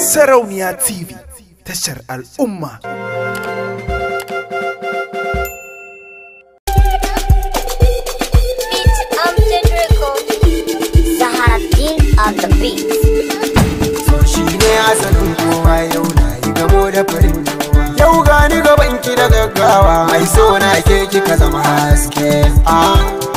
Sarauniya TV tashar al'umma. Shi ne asalin kowa yau na yi gamo da farin Yau gani gaban ki da gaggawa, mai so na ke kika zama haske. Ah.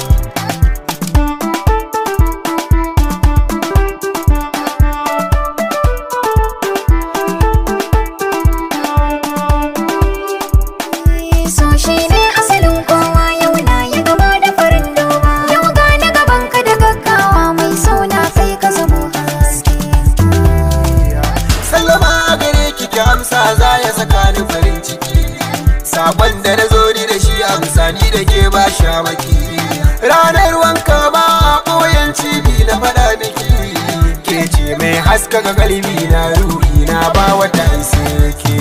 amsa za ya saka ni farin ciki sabon da na zo ni da shi a misani da ke ba shamaki ranar wanka ba a ɓoyen cibi na faɗa miki ke ce mai ga kalbi na ruhi na ba wata ke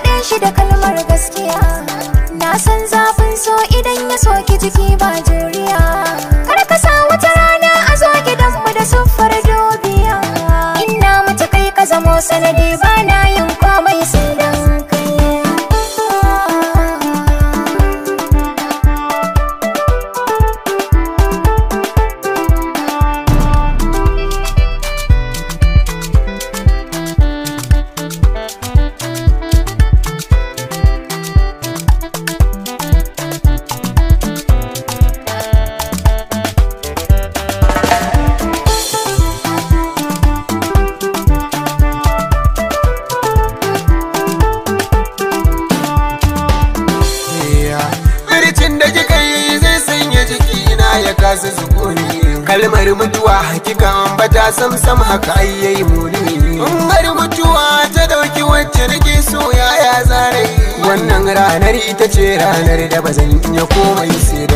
a da kalmar gaskiya na san za soki jiki ba jure kalmar mutuwa hakikan bata sam sam haka ayyayi muni in mutuwa ta dauki wacce nake so yaya zarai wannan ranar ita ce ranar da bazan iya komai sai da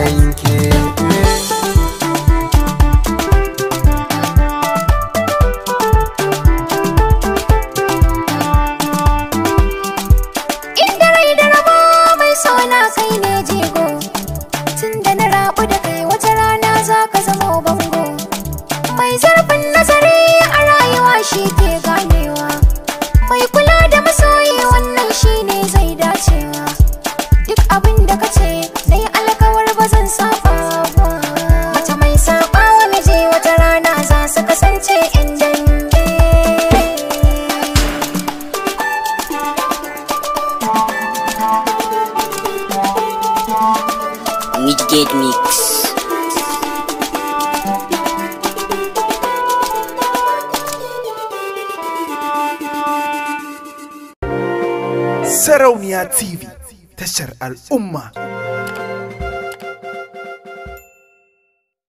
Midgate Mix. Sarauniya TV, tashar al'umma.